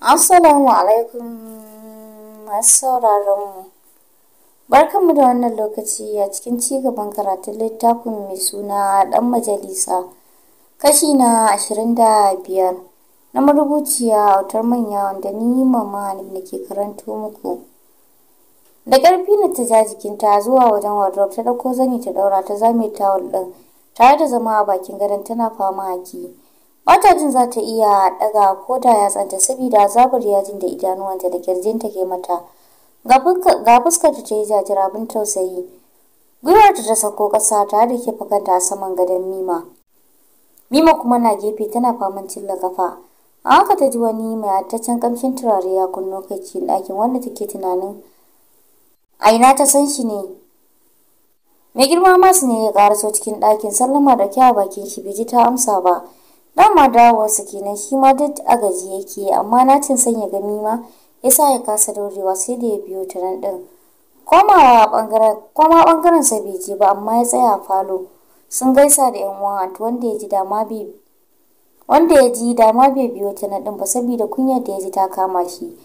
Assalamu alaikum masu Barkanmu da wannan lokaci a cikin ci gaban karatun littafin mai suna ɗan majalisa kashi na ashirin da biyar na marubuciya autar manya wanda ni mama da ke karanto muku. Da ƙarfi na ta ja jikinta zuwa wajen wardrobe ta ɗauko zani ta ɗaura ta zame tawul ɗin tare da zama a bakin gadon tana fama haki. Wata jin za ta iya daga ko da ya tsanta saboda zabar yajin da idanuwanta da kirjinta ke mata. Ga fuskar ta yi jajira bin tausayi. Gwiwar ta sako ƙasa ta da ke fakanta a saman gadon Mima. Mima kuma na gefe tana faman cilla kafa. A haka ta ji wani mai taccen kamshin turare ya kunno kai cikin ɗakin wanda take tunanin a ina ta san shi ne. Mai girma masu ne ya ƙaraso cikin ɗakin sallama da kyawa bakin shi bai ji ta amsa ba. dan dama su kenan shi ma duk a gaji yake amma cin sanya gami ma ya sa ya kasa daurewa sai da ya biyo ta nan din komawa bangaren koma bangaren sa bai je ba amma ya tsaya falo sun gaisa da yan uwan wanda ya ji dama bai wanda ya ji dama bai biyo ta nan ɗin ba saboda kunyar da ya ji ta kama shi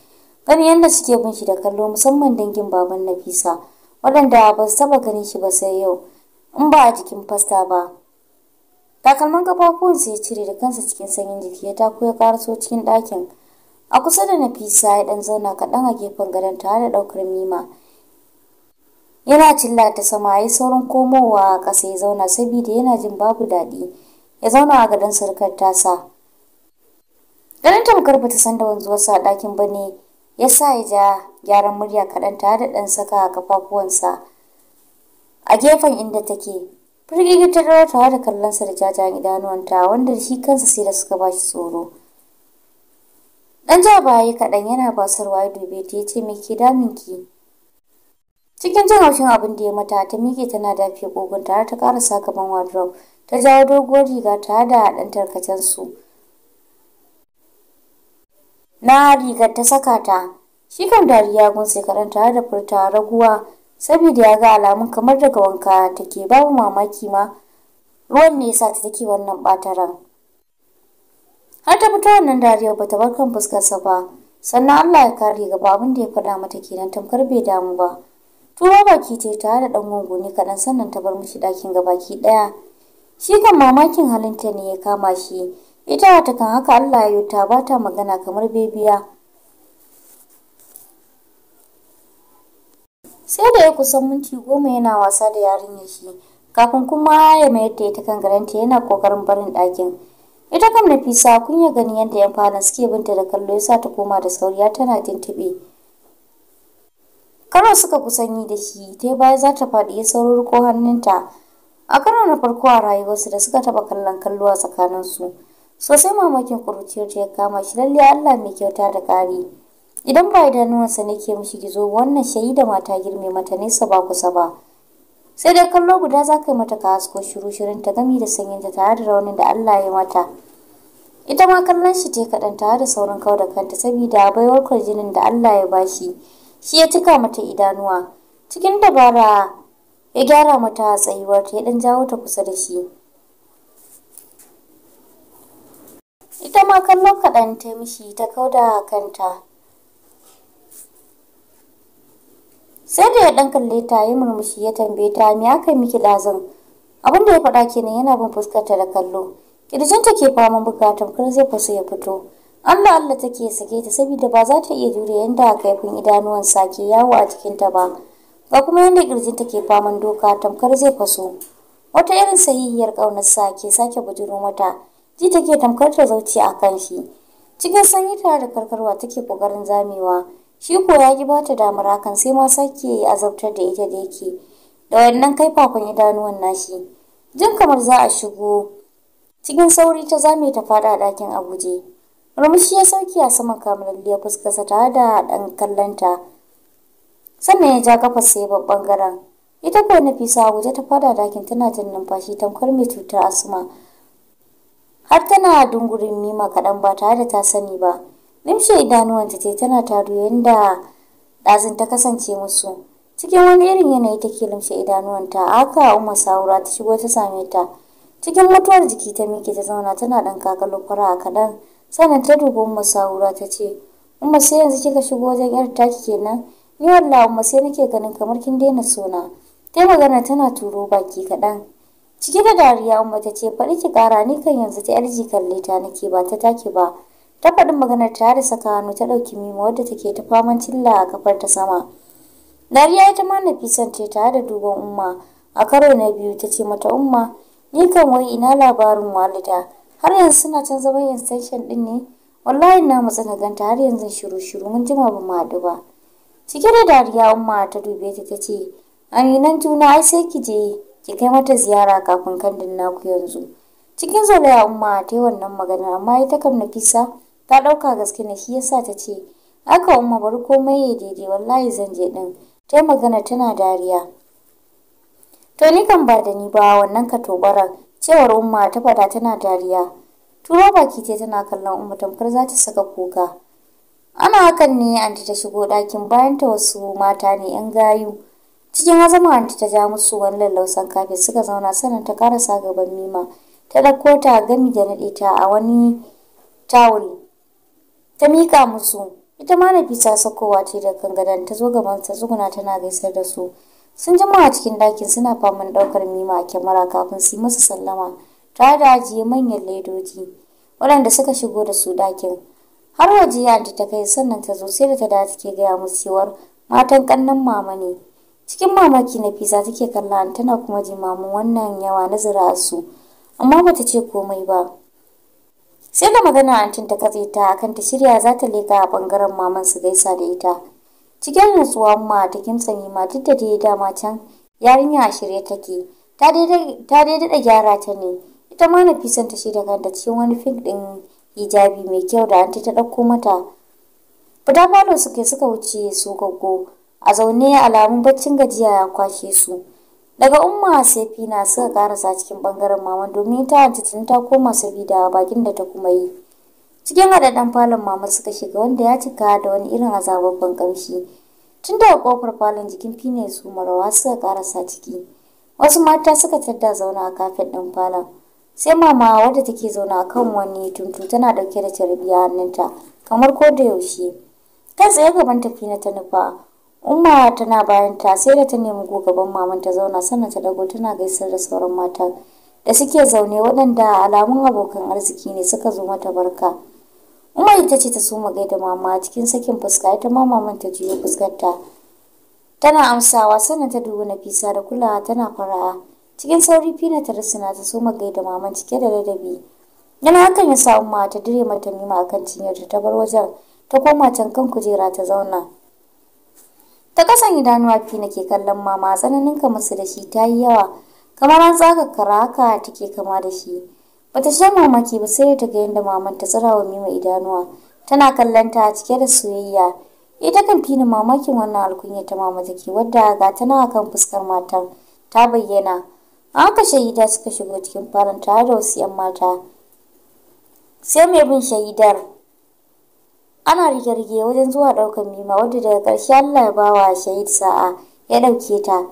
gani yanda suke bin shi da kallo musamman dangin baban Nafisa waɗanda ba su taɓa ganin shi ba sai yau in ba a jikin fasta ba takalman kafafuwansa ya cire da kansa cikin sanyin jiki ya tako ya karaso cikin ɗakin a kusa da nafisa ya ɗan zauna kaɗan a gefen gadon tare da ɗaukar mima yana cilla ta sama ya saurin komowa ƙasa ya zauna saboda yana jin babu daɗi ya zauna a gadon surukar tasa ganin tamkar bata san da wanzuwarsa a ɗakin ba ne ya sa ya ja gyaran murya kaɗan tare da ɗan saka a kafafuwansa a gefen inda take Firgigi ta rawar tare da kallonsa da jajayen idanuwanta wanda shi kansa sai da suka ba shi tsoro. Dan ja baya kaɗan yana basarwa ya dube ta ya ce me ke ki? Cikin jin haushin abin da ya mata ta miƙe tana dafe kogon tare ta ƙarasa gaban wardrobe ta jawo doguwar riga tare da ɗan tarkacen su. Na rigar ta saka ta. Shi kan dariya gunsa sai kaɗan tare da furta raguwa saboda ya ga alamun kamar daga wanka take babu mamaki ma ruwan ne yasa ta take wannan bataran har ta fito wannan dariyar ta bar kan fuskarsa ba sannan Allah ya kare gaba abin da ya faɗa mata kenan tamkar bai damu ba turo baki ta tare da ɗan gunguni kaɗan sannan ta bar mishi ɗakin gabaki ɗaya shi kan mamakin halinta ne ya kama shi ita ta kan haka Allah ya yuta ba ta magana kamar bebiya sai da ya kusan minti goma yana wasa da yarinyar shi kafin kuma ya mayar da ita kan garanta yana kokarin barin ɗakin ita kam na fisa kun ya gani yadda yan falon suke binta da kallo yasa ta koma da sauri sauriya tana tuntuɓe karo suka kusan yi da shi ta baya za ta faɗi ya sauro ko hannunta a kano na farko a rayuwarsu da suka taɓa kallon kallo a tsakaninsu sosai mamakin ƙuruciyar ta ya kama shi lallai allah mai kyauta da ƙari idan ba ne nake mishi gizo wannan shaida mata girme mata nesa ba kusa ba sai dai kallo guda za ka yi mata ka hasko shiru shirin ta gami da sanyin ta tare da raunin da Allah ya mata ita ma kallon shi ce kaɗan tare da saurin kawo da kanta saboda baiwar kwarjinin da Allah ya bashi shi ya cika mata idanuwa cikin dabara ya gyara mata a tsayuwar ta ya ɗan jawo ta kusa da shi ita ma kallon kaɗan ta mishi ta kauda da kanta sai da ya dan kalle ta yi murmushi ya tambaye ta me aka yi miki dazan abin da ya faɗa kenan yana bin fuskar da kallo kirjinta ke faman bukatun kar zai faso ya fito Allah Allah take sake ta saboda ba za ta iya jure yanda kaifin idanuwan sake yawo a cikin ta ba ga kuma yanda kirjinta ke faman doka tamkar zai faso wata irin sahihiyar kaunar sake sake bujuro mata ji take tamkar ta zauce a kan shi cikin sanyi tare da karkarwa take kokarin zamewa shi ko ya yi bata damar hakan sai ma sake azabtar da ita da yake da wannan kaifafan idanuwan nashi jin kamar za a shigo cikin sauri ta zame ta fada a ɗakin abuje murmushi ya sauki a saman ya fuskasa tare da ɗan kallonta sannan ya ja kafar sai babban garan ita ko nafisa abuje ta fada dakin tana jin numfashi tamkar mai cutar asma har tana dungurin mima kaɗan ba tare da ta sani ba Nimshe idanuwanta ce tana taro yadda ɗazin ta kasance musu. Cikin wani irin yanayi take limshe idanuwanta haka Umma sa'ura ta shigo ta same ta. Cikin mutuwar jiki ta miƙe ta zauna tana ɗan kakalo fara kaɗan. Sannan ta dubi Umma sa'ura ta ce, Umma sai yanzu kika shigo wajen yar taki kenan. Ni wallahi Umma sai nake ganin kamar kin daina sona. Ta magana tana turo baki kaɗan. Cike da dariya Umma ta ce, faɗi ki ƙara ni kan yanzu ta yar kalle ta nake ba ta take ba. ta faɗin maganar ta da saka hannu ta ɗauki mima wadda take ta faman tilla a kafar ta sama dariya ita ma nafisan ce ta da duban umma a karo na biyu ta ce mata umma ni kan wai ina labarin walida har yanzu suna can zama station din ne wallahi na matsa ganta har yanzu shiru shiru mun jima ba mu haɗu ba cike da dariya umma ta dube ta ta ce nan juna ai sai ki je ki kai mata ziyara kafin kandin naku yanzu cikin zolaya umma ta yi wannan magana amma ita kam nafisa ta ɗauka gaske ne shi yasa ta ce haka umma bar komai ya daidai wallahi zan je din. ta magana tana dariya to ni kan ba da ni ba wannan ka tobara cewar umma ta fada tana dariya turo baki ce tana kallon umma tamkar za ta saka kuka ana hakan ne anti ta shigo dakin bayan ta wasu mata ne yan gayu cikin azama anti ta ja musu wani lallausan kafin suka zauna sannan ta karasa gaban mima ta ɗauko ta gami da naɗe ta a wani tawul ta mika musu ita ma Nafisa sakowa ce da kangadan ta zo gaban ta tsuguna tana gaisar da su sun jima a cikin dakin suna faman ɗaukar mima a kyamara kafin su yi masa sallama tare da ajiye manyan ledoji waɗanda suka shigo da su dakin har waje ya ta kai sannan ta zo sai da ta dace ke gaya musu cewar matan kannan mama ne cikin mamaki na Nafisa take kallon tana kuma jimamin wannan yawa na zira su amma bata ce komai ba sai da magana antin ta katse ta akan ta shirya za ta leka a bangaren maman su gaisa da ita cikin nutsuwa ma ta kimtsani ma duk da dai dama can yarinya a shirye take ta dai daɗa gyara ta ne ita ma nafisan ta shirya kanta cikin wani fink ɗin hijabi mai kyau da anti ta ɗauko mata fita falo suke suka wuce su goggo a zaune alamun baccin gajiya ya kwashe su daga umma fina suka karasa cikin bangaren mama domin ta hanci tuni ta koma sabida bakin da ta kuma yi cikin haɗaɗɗen falon mama suka shiga wanda ya cika da wani irin azababban kamshi tun daga kofar falon jikin fine su marawa suka karasa ciki wasu mata suka tadda zauna a kafin ɗin falon sai mama wadda take zauna a kan wani tuntu tana ɗauke da tarbiya a hannunta kamar ko da yaushe kai tsaye gaban tafi na ta nufa umma tana bayan ta sai da ta nemi gaban maman ta zauna sannan ta dago tana gaisar da sauran matan da suke zaune waɗanda alamun abokan arziki ne suka zo mata barka umma ita ce ta soma gaida mama cikin sakin fuska ita ma maman ta juyo fuskarta tana amsawa sannan ta dubi nafisa da kulawa tana fara'a cikin sauri fina ta rasina ta soma gaida maman cike da ladabi yana hakan ya sa umma ta dire mata nima akan cinyarta ta bar wajen ta koma can kan kujera ta zauna ta kasan idanuwa fi nake kallon mama tsananin ka musu da shi ta yi yawa kamar an tsaka kara haka take kama da shi bata sha mamaki ba sai ta ga yadda maman ta tsira wa mima idanuwa tana kallon ta cike da soyayya ita eh, kan fini mamakin wannan alkunya ta mama take wadda ga tana kan fuskar matar ta bayyana haka shahida suka shigo cikin farin da wasu 'yan mata sai mai bin shahidar ana rige-rige wajen zuwa ɗaukar mima wadda daga karshe allah ya bawa shahid sa'a ya ɗauke ta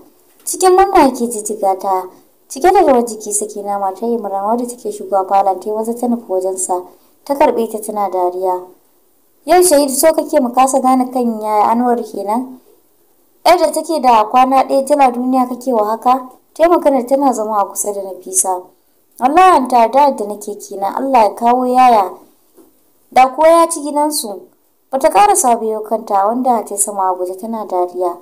cikin murna ke jijjiga ta cike da rawar jiki sake na mata yi murama wadda take shugaba falon ta yi maza ta nufi sa ta karɓe ta tana dariya yau shahid so kake mu kasa gane kan yaya anwar kenan yar da take da kwana ɗaya tana duniya kake wa haka taimakana tana zama a kusa da nafisa Allah ta da da nake kenan Allah ya kawo yaya da kuwa ya ci gidansu bata karasa biyo kanta wanda ta sama guje tana dariya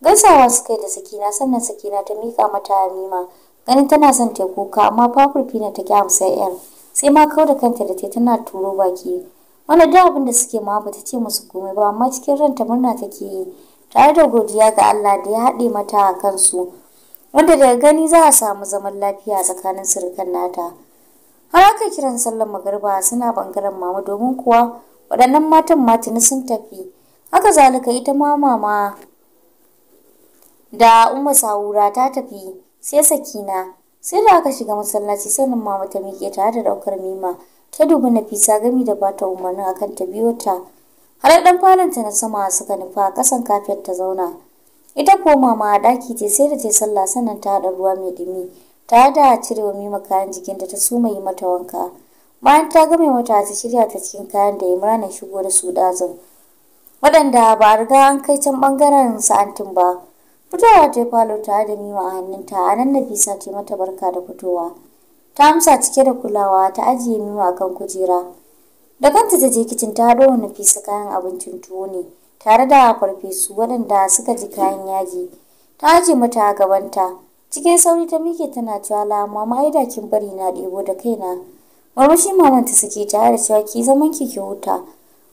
gaisawa suka yi da sakina sannan sakina ta miƙa mata nima ganin tana son ta kuka amma fafur fina ta ki amsa yar sai ma kawo da kanta da ta tana turo baki wanda duk abin da suke ma ba ta ce musu komai ba amma cikin ranta murna take yi tare da godiya ga Allah da ya haɗe mata a kansu wanda daga gani za a samu zaman lafiya tsakanin surukan nata. har aka kiran sallar magarba suna bangaren mama domin kuwa waɗannan matan matini sun tafi haka zalika ita ma mama da umma sa'ura ta tafi sai sakina sai da aka shiga masallaci sanin mama ta miƙe tare da ɗaukar mima ta dubi nafisa gami da bata umarnin akan ta biyo ta har ɗan falonta na sama suka nufa a kasan kafiyar ta zauna ita ko mama a ɗaki ce sai da ta sallah sannan ta haɗa ruwa mai ɗumi. ta da cire wa mima kayan jikinta ta suma yi mata wanka bayan ta gama mata ta shirya ta cikin kayan da ya ya shigo da su dazin waɗanda ba a riga an kai can ɓangaren sa'antin ba fitowa ta yi falo tare da mima a hannunta a nan nafisa ce mata barka da fitowa ta amsa cike da kulawa ta ajiye mima kan kujera da kanta ta je kicin ta haɗo wa nafisa kayan abincin tuwo ne tare da farfesu waɗanda suka ji kayan yaji ta ajiye mata a gabanta cikin sauri ta mike tana cewa la amma ai da bari na ɗebo da kaina murmushi maman ta suke tare da cewa ki zaman ki ki huta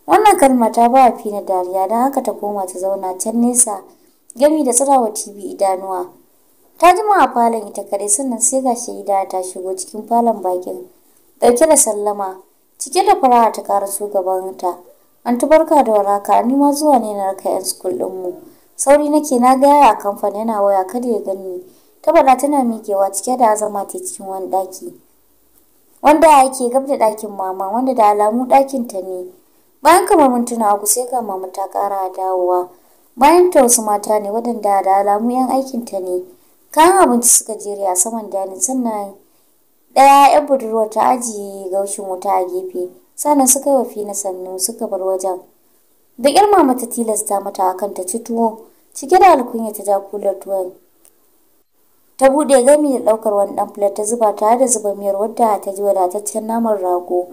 wannan kalma ta ba fina dariya don haka ta koma ta zauna can nesa gami da tsirawa tv idanuwa ta jima a falon ita kare sannan sai ga shaida ta shigo cikin falon bakin ɗauke da sallama cike da fara'a ta gaban gabanta an barka da waraka ni ma zuwa ne na raka yan sukul ɗinmu sauri nake na gaya a kamfani yana waya kada ya gani ta tana miƙewa cike da azama ta cikin wani ɗaki wanda yake gab da ɗakin mama wanda da alamu ɗakin ta ne bayan kamar mintuna uku sai ga mama ta ƙara dawowa bayan ta wasu mata ne waɗanda da alamu yan aikin ta ne kayan abinci suka jere a saman danin sannan ɗaya yan budurwar ta ajiye gaushin wuta a gefe sannan suka yi wa fina sannu suka bar wajen da mama ta tilasta mata akan ta ci tuwo cike da alkunya ta ja tuwon ta buɗe gami da ɗaukar wani ɗan filar ta zuba tare da zuba miyar wadda ta ji wadataccen naman rago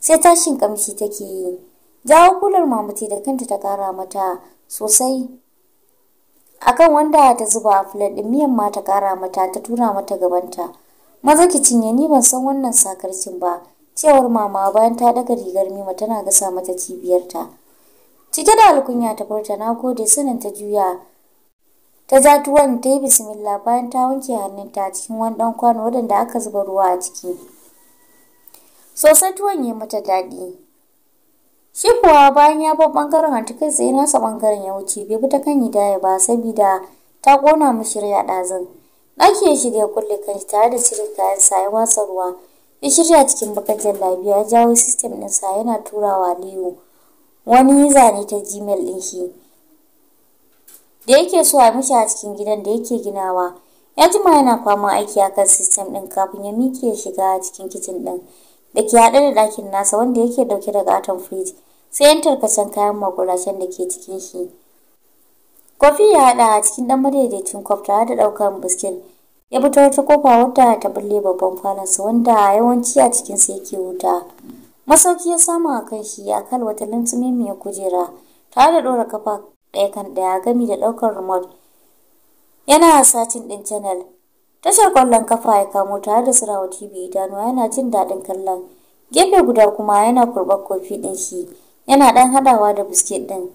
sai tashin kamshi take yi jawo kular mamuti da kanta ta kara mata sosai akan wanda ta zuba a filar ɗin miyan ma ta kara mata ta tura mata gabanta maza ki cinye ni ban san wannan sakarcin ba cewar mama bayan ta daga rigar mima tana gasa mata cibiyarta cike da alkunya ta furta na gode sanin ta juya ta ja tuwon ta yi bismillah bayan ta wanke hannunta a cikin wani dan kwano wadanda aka zuba ruwa a ciki sosai tuwon ya mata daɗi shi kuwa bayan ya bar ɓangaren hantu kai tsaye nasa ɓangaren ya wuce bai bi ta kan yi hidaya ba sabida ta ƙona mu shirya ɗazin ɗaki ya shirya kulle shi tare da cire kayan sa ya watsa ruwa ya shirya cikin bakajen labiya ya jawo sistem ɗinsa yana turawa liyu wani zane ta gmail ɗin shi da yake so a mishi a cikin gidan da yake ginawa ya jima yana fama aiki a kan sistem ɗin kafin ya miƙe ya shiga cikin kicin ɗin da ke haɗe da ɗakin nasa wanda yake ɗauke da gatan firij sai yan tarkacen kayan magulashen da ke cikin shi kofi ya haɗa a cikin ɗan madaidaicin kwaf tare da ɗaukar biskit ya fito wata kofa wadda ta bulle babban kwanansa wanda yawanci a cikinsa yake wuta masauki ya samu a kan shi a kan wata lintumin mai kujera tare da ɗora kafa ɗaya kan ɗaya gami da ɗaukar remote yana satin ɗin channel tashar kwallon kafa ya kamo tare da sirawa tv idanuwa yana jin daɗin kallon gefe guda kuma yana kurɓar kofi ɗin shi yana ɗan haɗawa da biskit ɗin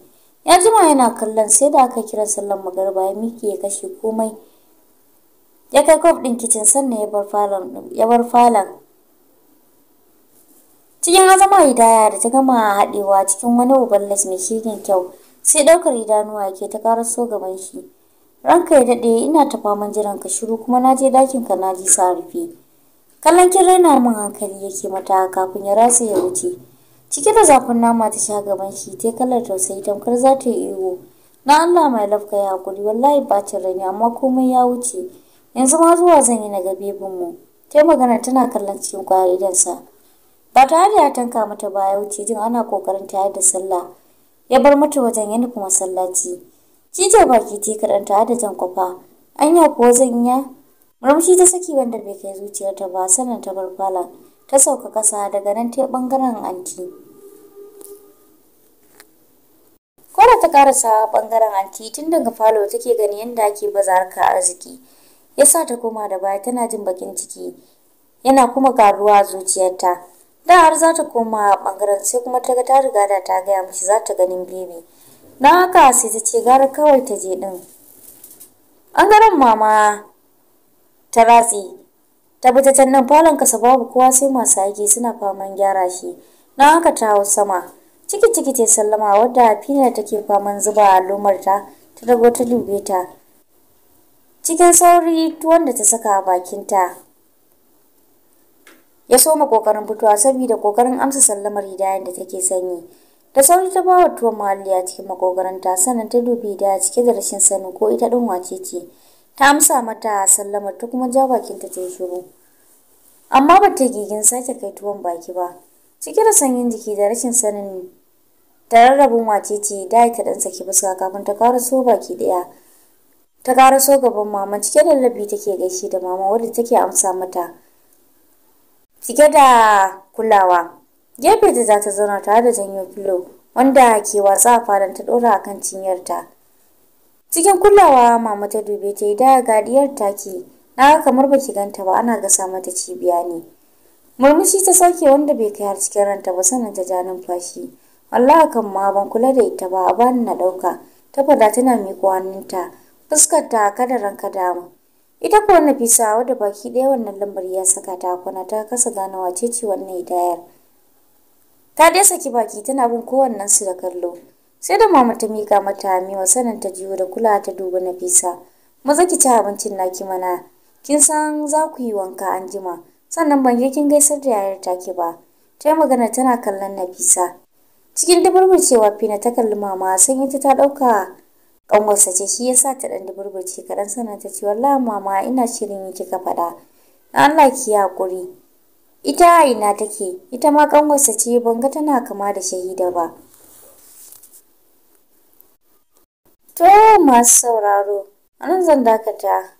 ya jima yana kallon sai da aka kira sallan magarba ya miƙe ya kashe komai ya kai kof ɗin kicin sannan ya bar falon cikin azama hidaya da ta gama haɗewa cikin wani les mai shigin kyau sai ɗaukar idanuwa ke ta karaso gaban shi ranka ya daɗe ina ta faman jiran ka shiru kuma na je dakin ka na ji sa rufe kallon kin raina min hankali yake mata kafin ya rasa ya wuce cike da zafin nama ta sha gaban shi ta kallar tausayi tamkar za ta yi ihu na Allah mai lafka ya hakuri wallahi bacin rani, amma komai ya wuce yanzu ma zuwa zan yi na ga bebin mu ta magana tana kallon cikin kwayar idansa ba tare da ya tanka mata ba ya wuce jin ana kokarin tayar da sallah ya bar mata wajen ya nufi masallaci cije baki ta karanta da jan kwafa anya kuwa zan ya murmushi ta saki wanda bai kai zuciyarta ba sanin ta bar falon ta sauka kasa daga nan ta bangaren anti Kora ta karasa bangaren anti tun daga falo take gani yadda ake baza ka arziki. Ya sa ta koma da baya tana jin bakin ciki. Yana kuma karuwa zuciyarta. da har za ta koma bangaren sai kuma ta ga ta riga da ta gaya mishi za ta ganin bibi na haka sai ta ce gara kawai ta je din bangaren mama ta ratsi ta tabbataccen nan falon kasa babu kowa sai masu aiki suna faman gyara shi na haka ta hau sama ciki ciki ta sallama wadda fina take faman zuba a ta ta dago ta dube ta cikin sauri tuwon da ta saka a bakinta ya soma kokarin fitowa saboda kokarin amsa sallamar hidayen da take sanyi da sauri ta bawa tuwon a cikin makogaranta sannan ta dubi da cike da rashin sanin ko ita ɗin wace ce ta amsa mata sallamar ta kuma ja bakinta ta yi shiru amma ba ta gigin sake kai tuwon baki ba cike da sanyin jiki da rashin sanin rarrabin wace ce da ta ɗan saki fuska kafin ta ƙara so baki ɗaya ta ƙara so gaban mama cike da labi take gaishe da mama wadda take amsa mata cike da kulawa. Gefe da za ta zauna tare da janyo filo wanda ke watsa faran ta ɗora akan cinyarta. Cikin kulawa mama ta dube ta da gadiyar ta take na kamar ba ki ganta ba ana gasa mata cibiya ne. Murmushi ta sauke wanda bai kai har cikin ranta ba sanin ta ja numfashi. Wallahi kan ma ban kula da ita ba a bani na dauka Ta fada tana miƙo hannunta fuskar ta kada ranka damu. ita kuwa nafisa wadda baki daya wannan lambar ya saka ta kwana ta kasa gane wace ce wannan hidayar ta dai saki baki tana bin kowannen su da kallo sai da mama ta mika mata miwa sanin ta jiyo da kula ta duba nafisa maza ki ci abincin naki mana kin san za ku yi wanka an jima sannan ban je kin gaisar da yayar take ba ta yi magana tana kallon nafisa cikin cewa fina ta kalli mama sanyi ta ta ɗauka Ƙanwarsa ce shi yasa ta ɗan duburburce kaɗan sana ta ce wallahi mama ina shirin yi kika faɗa. Allah ki haƙuri. Ita ina take, ita ma ƙanwarsa ce ban ga tana kama da shahida ba. To masu sauraro, anan zan dakata.